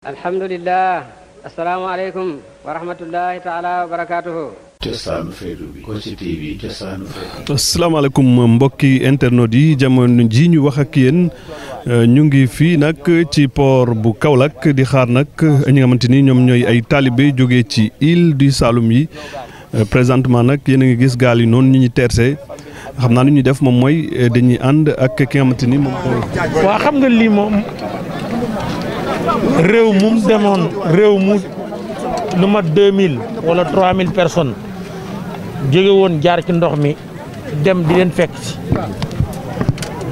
alhamdulillah Assalamualaikum warahmatullahi wa rahmatullahi taala wa barakatuhu cosaanu feetu bi Kossy TV cosaanu feetu asalaamaaleykum mbokki internautes yi jamono ji ñu wax ak yéen euh, ñu ngi fii nag ci port bu Kaolack di salumi. nag ñi nga xamante ni ñoom ñooy ay taalibe jógee ci île du Saloum yi euh, présentement nag yéen a ngi gis gaal yi noonu ñu ñu def moom mooy euh, dañuy ànd ak ki nga xamante ni moom réew mum demoon réew mu lu mat 2000 wala 3000 personnes djégé won jaar ci ndox mi dem di len fekk si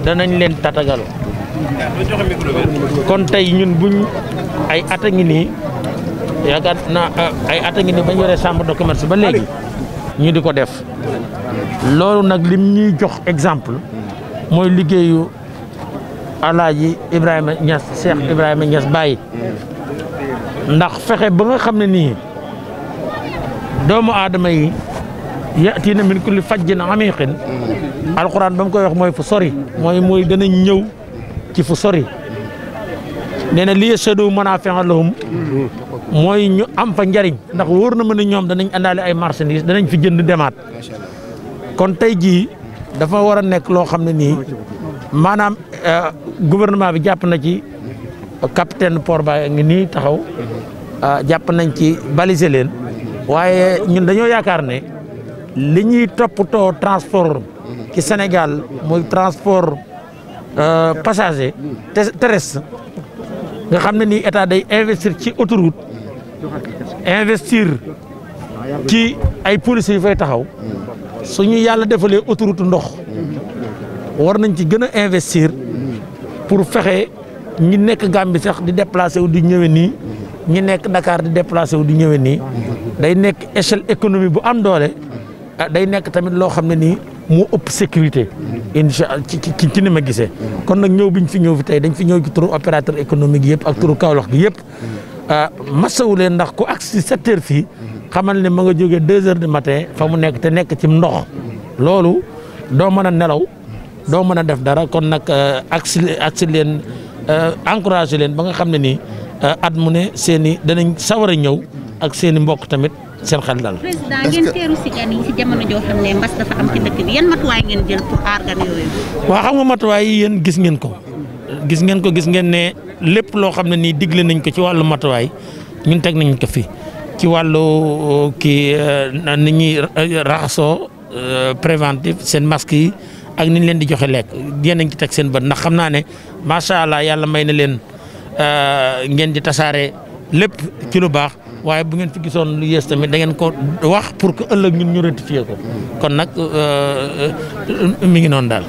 danañ len tatagal kon tay ñun buñ ay at a ngi nii yaakaar naa ah, ay at a ngi nii bañ yoree chambre de commerce ba légui ñu diko def lolu nak lim ñuy jox exemple moy liggéeyu alaaji Ibrahima Niass Cheikh Ibrahima Niass bàyyi ndax fexe ba nga xam ne nii doomu aadama yi yaatiina min kulli fajjin amiqin alquran ba mu koy wax mooy fu sori mooy mooy danañ ñëw ci fu sori nee na li yashhadu manaafi'a lahum mooy ñu am fa njariñ ndax wër na ma ne ñoom danañ àndaale ay marchandises danañ fi jënd demaat kon tey jii dafa war a nekk loo xam ne nii maanaam euh, gouvernement bi jàpp na ci capitaine port ba ngi nii taxaw euh, jàpp nañ ci baliser leen waaye ñun dañoo yaakaar ne li ñuy toppatoo transport ci Sénégal mooy transport euh, passager terrestre nga xam ne ni état day investir ci autoroute investir ci ay policiers yu fay taxaw suñu yàlla defalee autoroute ndox war nañ ci gën a investir pour fexe ñi nekk Gambie sax di déplacé wu di ñëwee nii ñi nekk Dakar di déplacé wu di ñëwee nii day nekk échelle économie bu am doole ah, day nekk tamit loo xam ne nii moo ëpp sécurité incha allah ci ci ci ni ma gisee. kon nag ñëw bi ñu fi ñëw fi tey dañ fi ñëw ci turu opérateur économique yëpp ak turu Kaolack gi yëpp ah, masawu leen ndax ku àgg si sept fii xamal ne ma nga jógee deux heures de matin fa mu nekk te nekk ci ndox loolu doo mën a nelaw. do meuna def dara kon nak euh, agsi agsi leen euh, encouragé ba nga xamni ni nii euh, at mu ne seni i sawara ñew ak seni mbokk tamit seen xel dal. président ngeen teeru ci gan yi jamono jo xamne mbass dafa am ci dëkk bi yan ngeen jël pour ko gis ci walu nañ ni préventif seen masque ak niñ leen di joxe lek di nañ ci tek seen ba ndax xamna ne ma sha allah yalla may na leen euh ngeen di tassare lepp ci lu baax waye bu ngeen fi gisone lu yées tamit da ngeen ko wax pour que ëllëg ñun ñu rectifier ko kon nak euh, euh mi ngi non dal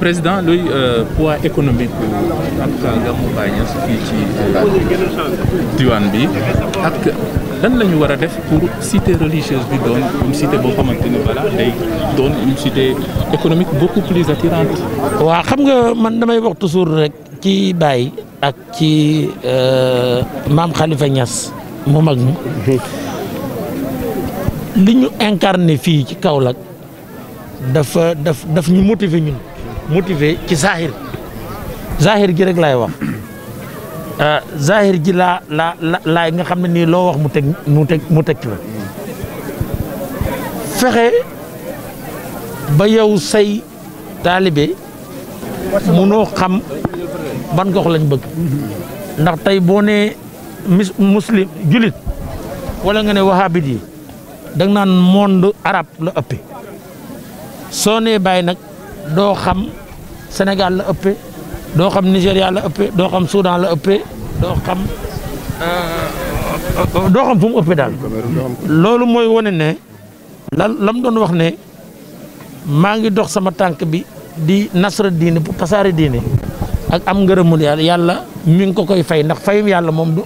président luy euh, poids économique ak Gamou Baye Niass fii ci euh, diwan bi ak. lan la ñu war a def pour cité religieuse bi doon une cité boo xamante ni voilà day doon une cité économique beaucoup plus attirante. waaw xam nga man damay wax toujours rek ci Baye ak ci euh, maam Khalifa mu mag mi li ñu incarné fii ci Kaolack dafa daf daf ñu motiver ñun motiver ci Zahir Zahir gi lay laay wax. Euh, zahir ji laa laa laay nga xam ne nii loo wax mu teg mu teg mu teg ci la fexe ba yow say taalibe noo xam ban gox lañ bëgg ndax tey boo nee mis muslim julit wala nga ne wahabit yi da nga naan monde arabe la ëppe soo nee bàyyi nag doo xam Sénégal la ëppe doo xam Nigéria la ëpp doo xam Soudan la ëppee doo xam euh, doo xam mu ëppee daal loolu mooy wane ne lan la mu doon wax ne maa ngi dox sama tànk bi di nasra diine pour tasaare diine ak am ngërëmul yàlla yàlla mi ngi ko koy fay ndax fayum yàlla moom du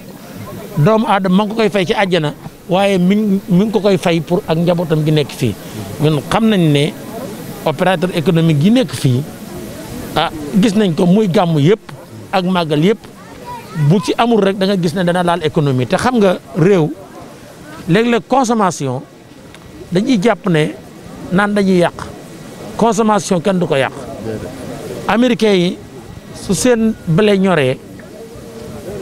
doomu aadama ma ngi ko koy fay ci àjjana waaye mi mi ngi ko koy fay pour ak njabootam gi nekk fii xam nañ ne opérateur économique gi nekk fii ah gis nañ ko muy gàmm yëpp ak màggal yëpp bu ci amul rek danga gis ne dana laal économie te xam nga réew léeg-léeg consommation dañuy jàpp ne naan dañuy yàq consommation kenn du ko yàq américains yi su seen blé ñoree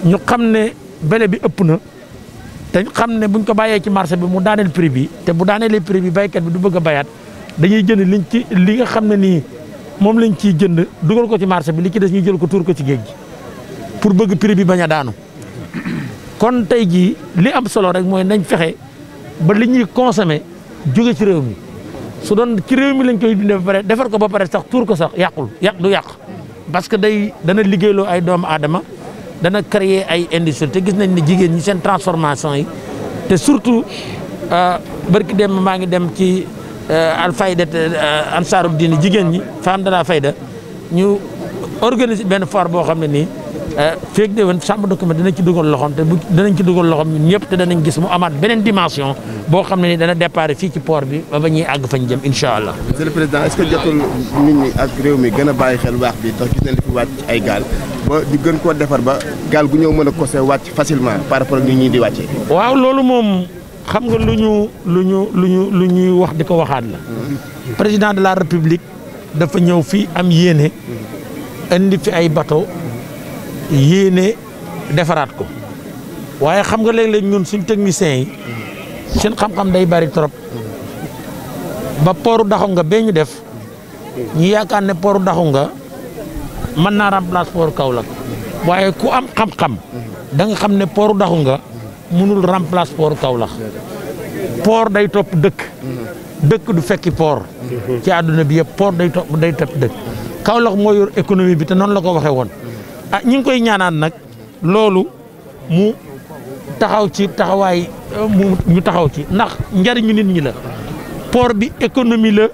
ñu xam ne blé bi ëpp na te xam ne buñ ko bàyyee ci marché bi mu daaneel prix bi te bu daaneelee prix bi baykat bi du bëgg a bayaat dañuy jënd li nga xam ne nii moom lañ ciy jënd dugal ko ci marché bi li ci des ñu jël ko tuur ko ci géej gi pour bëgg prix bi bañ a daanu kon tey jii li am solo rek mooy nañ fexe ba li ñuy consommé jóge ci réew mi su doon ci réew mi lañ koy dundee ba pare defar ko ba pare sax tuur ko sax yàqul yàq du yàq parce que day dana liggéeyloo ay doomu aadama dana créer ay industrie te gis nañ ne jigéen ñi seen transformation yi te surtout euh, barki dem maa ngi dem ci Euh, alfayda euh, ansaaru diine jigéen ñi femme de la fayda ñu organise benn foire boo xam ne nii euh, feeg déwén sàmm document dinañ ci dugal loxoom te bu danañ ci dugal loxoom ñun ñëpp te danañ gis mu amaat beneen dimension boo xam ne ni dana départ fii ci port bi ba ba ñuy àgg fañ jëm incha allah. monsieur le président jotul nit ñi ak réew mi gën a bàyyi xel waax bi ndax gis nañ li fi wàcc ay gaal ba ñu gën koo defar ba gaal gu ñëw mën a kose wàcc facilement par rapport ak nit ñi di wàccee. waaw loolu xam nga lu ñu lu ñu lu ñu lu ñuy wax di ko waxaat la président de la république dafa ñëw fii am yéene indi fi ay bateau yéene defaraat ko waaye xam nga léeg-léeg ñun suñ techniciens yi seen xam-xam day bari trop ba pooru daxu nga bee ñu def ñu yaakaar ne pooru daxu nga mën naa remplace pooru Kaolack waaye ku am xam-xam da nga xam ne pooru daxu nga mënul remplace port Kaolack port day topp dëkk dëkk du fekki port ci àdduna bi yëpp port day topp day topp dëkk Kaolack moo yor économie bi te noonu la ko waxee woon ah ñi ngi koy ñaanaan nag loolu mu taxaw ci taxawaay mu taxaw ci ndax njariñu nit ñi la port bi économie la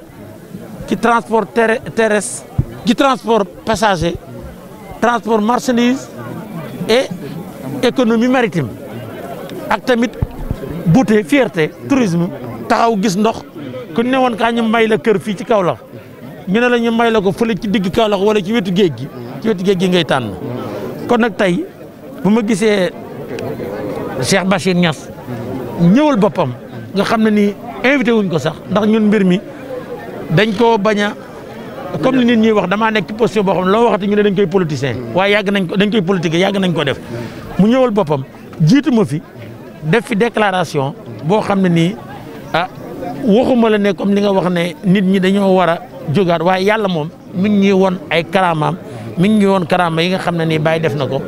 ci transport terrestre ci transport passager transport marchandise et économie maritime ak tamit beauté fierté tourisme taxaw gis ndox ku ne woon kaa may la kër fii ci Kaolack ñu ne la ñu may la ko fële ci digg Kaolack wala ci wetu géej gi ci wetu géej gi ngay tànn kon nag tey bu ma gisee Cheikh Bachir ñas ñëwal boppam nga xam ne nii invité wuñ ko sax ndax ñun mbir mi dañ koo bañ a comme li ñuy wax damaa nekk ci position boo xam ne loo waxati ñu ne dañ koy politicien waaye yàgg nañ ko dañ koy politique yàgg nañ ko def mu ñëwal boppam jiitu ma fi def fi déclaration boo xam ne nii ah waxuma la ne comme li nga wax ne nit ñi dañoo war a jógaat waaye yàlla moom mi ngi ñuy woon ay karaamaam mi ngi ñuy woon karaama yi nga xam ne nii Baye def na ko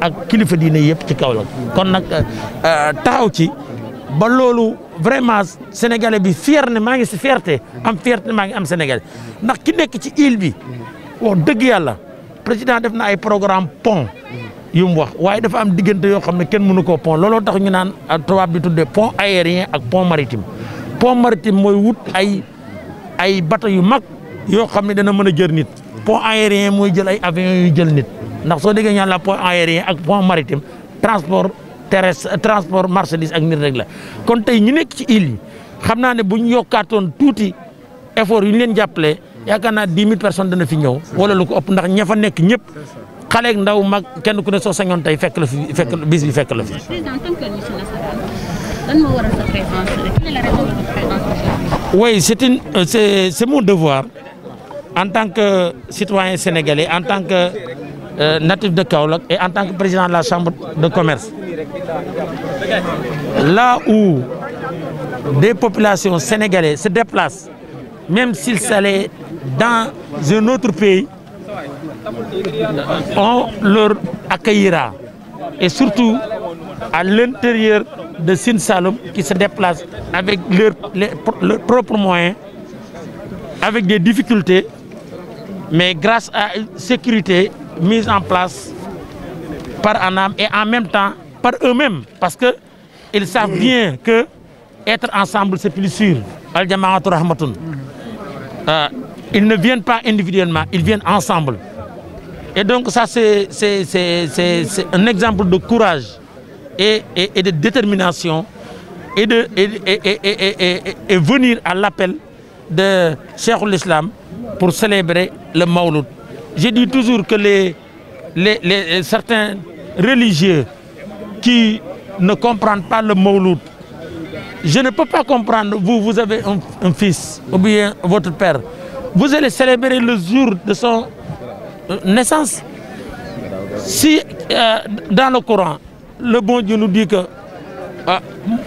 ak kilifa diine yëpp ci kaw la kon nag euh, taxaw ci ba loolu vraiment sénégalais bi fier ne maa ngi si fierté am fierté maa ngi am sénégalais ndax ki nekk ci île bi wax dëgg yàlla président def na ay programme pont yum wax waye dafa am digënté yo xamné ne kenn mënu ko pont lolo tax ñu naan ah, tubaab bi tuddé pont aérien ak pont maritime pont maritime moy wut ay ay bata yu mag yo xamné ne dana mëna jër nit pont aérien moy jël ay avion yu jël nit ndax so ñaan la pont aérien ak pont maritime transport terrestre transport marchandise ak nit rek la kon tay ñu nekk ci île xamna né naa ne bu ñu effort yu ñu leen yakana 10000 personnes dana fi ñëw wala lu ko upp ndax ña nekk ñëpp oui euh, c'est mon devoir en tant que citoyen sénégalais en tant que euh, natif de Kaolack et en tant que président de la chambre de commerce là où des populations sénégalaises se déplacent même s'ils allaient dans un autre pays on leur accueillera. Et surtout à l'intérieur de Sin qui se déplacent avec leurs propres moyens, avec des difficultés, mais grâce à une sécurité mise en place par Anam et en même temps par eux-mêmes, parce qu'ils savent bien que être ensemble c'est plus sûr. Euh, ils ne viennent pas individuellement, ils viennent ensemble. Et donc ça, c'est un exemple de courage et, de détermination et, de, venir à l'appel de Cheikh l'Islam pour célébrer le Maulud. J'ai dit toujours que les, certains religieux qui ne comprennent pas le Maulud, je ne peux pas comprendre, vous, vous avez un, un fils ou bien votre père, vous allez célébrer le jour de son naissance. Si euh, dans le Coran, le bon Dieu nous dit que euh,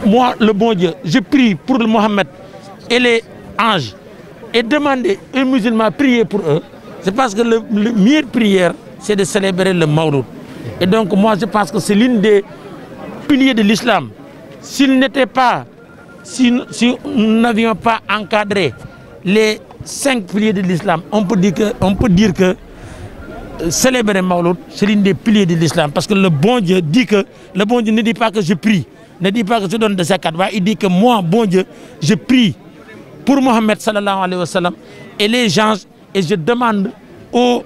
moi, le bon Dieu, je prie pour le Mohammed et les anges et demander aux musulmans prier pour eux, c'est parce que le, meilleure prière, c'est de célébrer le Mawlud. Et donc moi, je pense que c'est l'une des piliers de l'islam. S'il n'était pas, si, si nous n'avions pas encadré les cinq piliers de l'islam, on on peut dire que célébrer Maulot, c'est l'une des piliers de l'islam. Parce que le bon Dieu dit que, le bon Dieu ne dit pas que je prie, ne dit pas que je donne des zakat, il dit que moi, bon Dieu, je prie pour Mohamed sallallahu alayhi wa et les gens, et je demande aux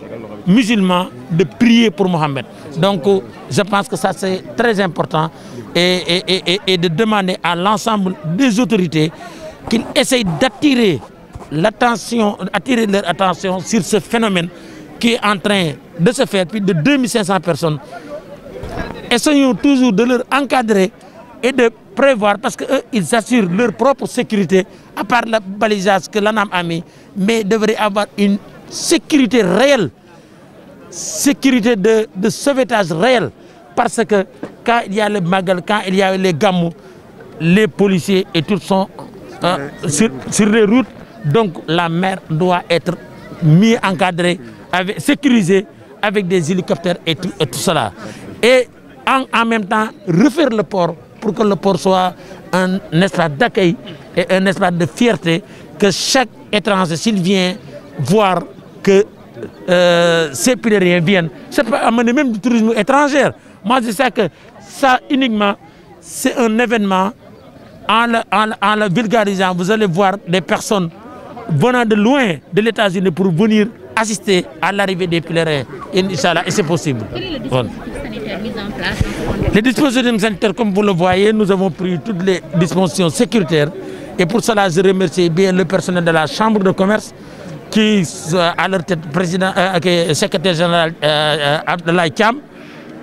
musulmans de prier pour Mohamed. Donc, je pense que ça, c'est très important et, et, et de demander à l'ensemble des autorités qu'ils essayent d'attirer l'attention, attirer leur attention sur ce phénomène qui est en train de se faire, plus de 2500 personnes, essayons toujours de leur encadrer et de prévoir, parce qu'ils ils assurent leur propre sécurité, à part la balisage que l'ANAM a mis, mais devraient avoir une sécurité réelle, sécurité de, sauvetage réel, parce que quand il y a le Magal, quand il y a les Gamou, les policiers et tout sont hein, sur les routes, donc la mer doit être mieux encadrée avec, avec des hélicoptères et tout, cela. Et en, même temps, refaire le port pour que le port soit un, espace d'accueil et un espace de fierté que chaque étranger, s'il vient voir que euh, ces viennent, C'est peut amener même du tourisme étranger. Moi, je sais que ça, uniquement, c'est un événement. En en le vulgarisant, vous allez voir des personnes venant de loin de létat unis pour venir assister à l'arrivée des pèlerins, Inch'Allah, et c'est possible. Quel est en place Les dispositifs sanitaires, comme vous le voyez, nous avons pris toutes les dispositions sécuritaires. Et pour cela, je remercie bien le personnel de la Chambre de commerce qui, euh, à leur tête, président, euh, secrétaire général euh, euh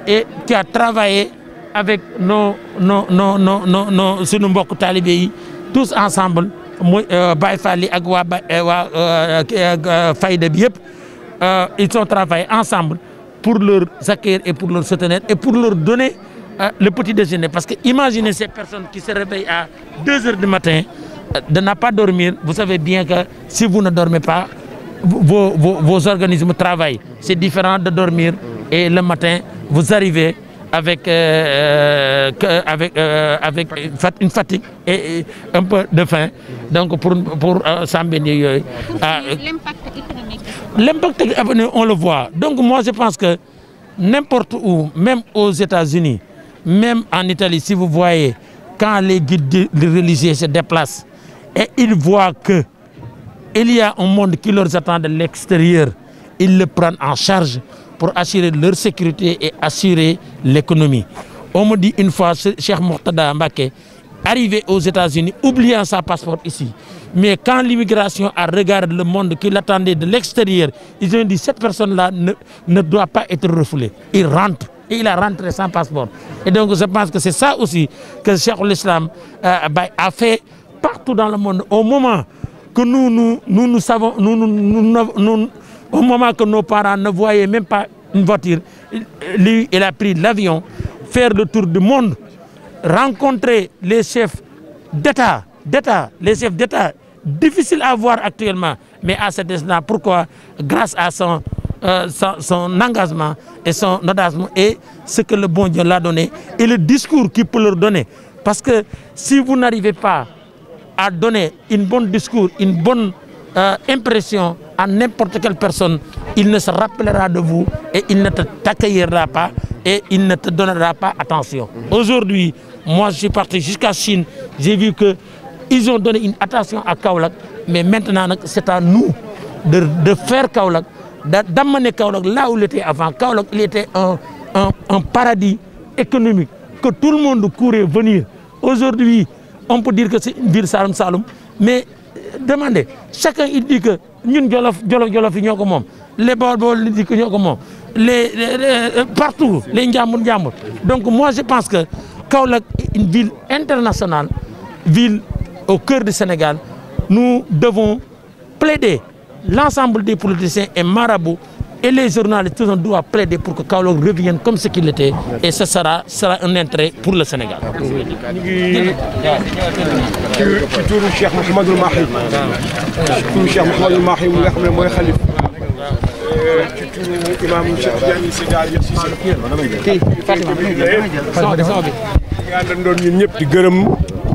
et qui a travaillé avec nos, nos, nos, nos, nos, nos, nos, nos tous ensemble ils ont travaillé ensemble pour leur accueillir et pour leur soutenir et pour leur donner euh, le petit déjeuner parce que imaginez ces personnes qui se réveillent à 2 heures du matin euh, de ne pas dormir vous savez bien que si vous ne dormez pas vos, vos, vos organismes travaillent c'est différent de dormir et le matin vous arrivez avec, euh, euh, avec, euh, avec une fatigue et un peu de faim. Donc pour, pour s'en ah, L'impact économique L'impact économique, on le voit. Donc moi je pense que n'importe où, même aux États-Unis, même en Italie, si vous voyez, quand les guides religieux se déplacent et ils voient que il y a un monde qui leur attend de l'extérieur, ils le prennent en charge pour assurer leur sécurité et assurer l'économie. On me dit une fois, Cheikh Mourtada Mbake, arrivé aux États-Unis, oubliant sa passeport ici. Mais quand l'immigration a regardé le monde qui l'attendait de l'extérieur, ils ont dit cette personne-là ne, ne, doit pas être refoulée. Il rentre. Et il a rentré sans passeport. Et donc je pense que c'est ça aussi que Cheikh l'Islam euh, bah, a fait partout dans le monde. Au moment que nous, nous, nous, savons, nous, nous, au moment que nos parents ne voyaient même pas une voiture, lui, il a pris l'avion, faire le tour du monde, rencontrer les chefs d'État, d'État, les chefs d'État, difficile à voir actuellement, mais à cet instant, pourquoi Grâce à son, euh, engagement et son audacement et ce que le bon Dieu l'a donné et le discours qu'il peut leur donner. Parce que si vous n'arrivez pas à donner une bonne discours, une bonne euh, impression à n'importe quelle personne, il ne se rappellera de vous et il ne t'accueillera pas et il ne te donnera pas attention. Aujourd'hui, moi je suis parti jusqu'à Chine, j'ai vu qu'ils ont donné une attention à Kaolak, mais maintenant c'est à nous de, faire Kaolak, d'amener Kaolak là où il était avant. Kaolak, il était un, un, paradis économique que tout le monde courait venir. Aujourd'hui, on peut dire que c'est une ville Salom mais euh, demandez, chacun il dit que nous les les partout les donc moi je pense que Kaolack une ville internationale ville au cœur du Sénégal nous devons plaider l'ensemble des politiciens et marabouts et les journalistes doivent plaider pour que Kaolo revienne comme ce qu'il était. Et ce sera, un intérêt pour le Sénégal.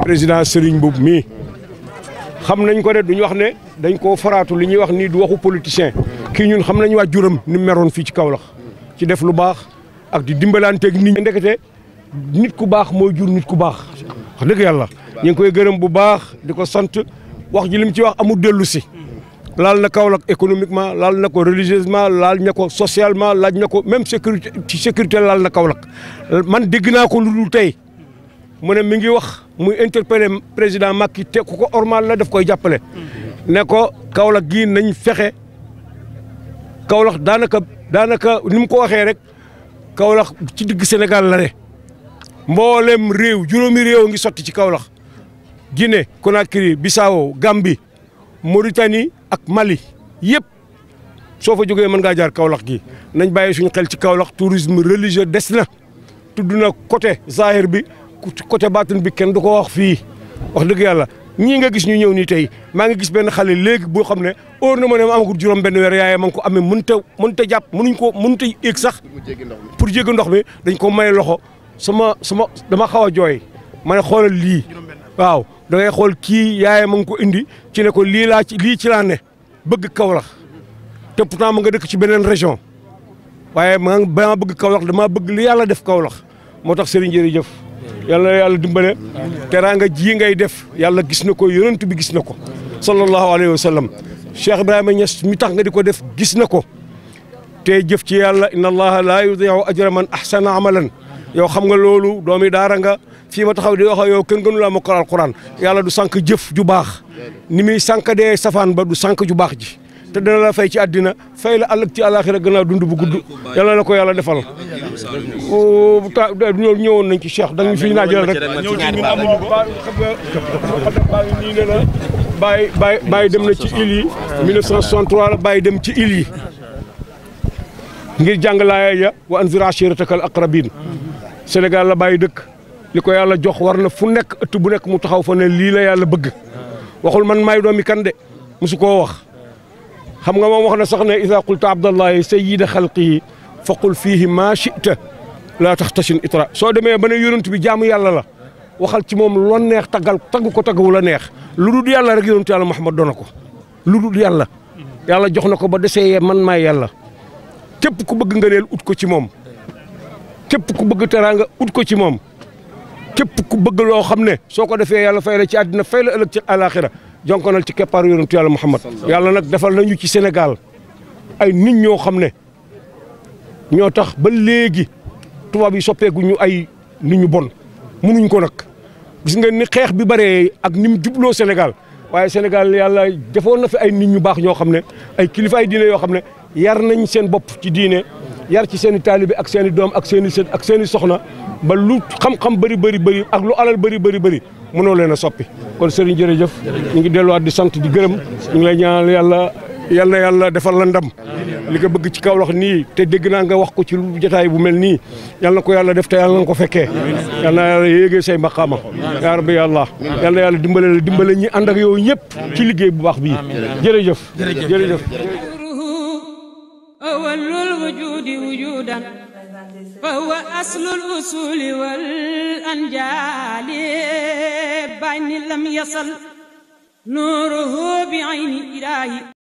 président dañ ko faraatu li ñuy wax nii du waxu politicien kii ñun xam nañu waa juram ni meroon fii ci Kaolack ci def lu baax ak di dimbalanteeg nit ñi nit ku baax mooy jur nit ku baax wax dëgg yàlla ñu ngi koy gërëm bu baax di ko sant wax ji lim ci wax amul dellu si laal na Kaolack économiquement laal na ko religieusement laal na ko socialement laaj na ko même sécurité ci sécurité laal na Kaolack man dégg naa ko lu tey mu ne mi ngi wax muy interpellé président Macky te ku ko ormal la daf koy jàppale ne ko Kaolack gii nañ fexé Kaolack danaka danaka nim ko waxé rek Kaolack ci digg Sénégal la ré mbolém réew juromi réew ngi soti ci Kaolack guiné Conakry Bissau Gambie Mauritanie ak Mali yépp sofa fa man nga jaar Kaolack gi nañ bayé suñu xel ci Kaolack tourisme religieux des na tuduna côté zahir bi côté batin bi kenn duko wax fi wax deug yalla ñii nga gis ñu ñëw nii tey maa ngi gis benn xale léegi boo xam ne óor na ma ne a amagul juróom benn weer yaay ma ngi ko amee mënta mënta jàpp mënuñ ko mënta yéeg sax pour jéggi ndox mi dañ ko may loxo sama sama dama xaw a jooy ma ne xoolal lii waaw da xool kii yaay ma ngi ko indi ci ne ko lii laa ci lii ci laa ne bëgg Kaolack te pourtant ma nga dëkk ci beneen région waaye ma ba bëgg Kaolack damaa bëgg lii yàlla def Kaolack moo tax Serigne jëf yàlla yàlla dimbale teraanga ji ngay def yàlla gis na ko yonent bi gis na ko sallallahu alayhi wa sallam Cheikh Ibrahima Niass mi tax nga di ko def gis na ko te jëf ci yàlla inna allaha laa yudiiu ajra man ahsana amalan yow xam nga loolu doomi daara nga fii ma xaw di wax yow kenn laa laa mokkal alquran yàlla du sànq jëf ju baax ni muy sànq dee safaan ba du sànq ju baax ji te dina la fay ci àddina fay la àllëg ci àllaaxira gannaaw dund bu gudd yàlla na ko yàlla defal oh, ñoo ñëwoon nañ ci Cheikh dañu fi naa jël rek ñëw ci dem na ci île yi 1963 la bàyyi dem ci île yi ngir jàng laaya ya Sénégal la bàyyi dëkk li ko yàlla jox war na fu nekk ëtt bu nekk mu taxaw fa ne lii la yàlla bëgg waxul man maay doomi kan de mosu koo wax xam nga moom wax na sax ne ida qulta abdallahi sayida xalqihi fa qul fiihi maa chita laa tax itra soo demee ba ne yonent bi jaamu yàlla la waxal ci moom lo neex tagal tagu ko tagu la neex lu dul yàlla rek yonent yàlla Muhammad doon na ko lu dul yàlla yàlla jox na ko ba desee man maay yàlla képp ku bëgg ngëneel ut ko ci moom képp ku bëgg teranga ut ko ci moom képp ku bëgg loo xam ne soo ko defee yàlla fay la ci àddina fay la ëllëg ci alaxira jonkonal ci keppaar keppaaru yonentu yàlla Muhammad yàlla nag defal ñu ci senegal ay nit ñoo xam ne ñoo tax ba léegi tubaab yi soppeeku ay nit ñu bon mënuñ ko nag gis nga ni xeex bi bëree ak ni mu jubloo Sénégal waaye Sénégal yàlla defoon na fi ay nit ñu baax ñoo xam ne ay kilifa ay diine yoo xam ne yar nañ seen bop ci diiné yar ci seen i ak seen doom ak seen i ak seen soxna ba lu xam-xam bari bari bari ak lu alal bari bari bari mëno leena soppi kon serigne jerejeuf ñi ngi delluwaat di sante di gërem ñi ngi lay ñaanal yalla yalla yalla defal la ndam li nga bëgg ci kaw wax ni te degg na nga wax ko ci lu jotaay bu melni yalla yal na ko yàlla def te yalla na ko fekkee yalla na yàlla say maqama ya rabbi yalla yalla yalla dimbalé dimbalé ñi and ak yow ñepp ci liggéey bu baax bi jerejeuf jerejeuf جودا فهو أصل الأصول والأنجال بين لم يصل نوره بعين إلهي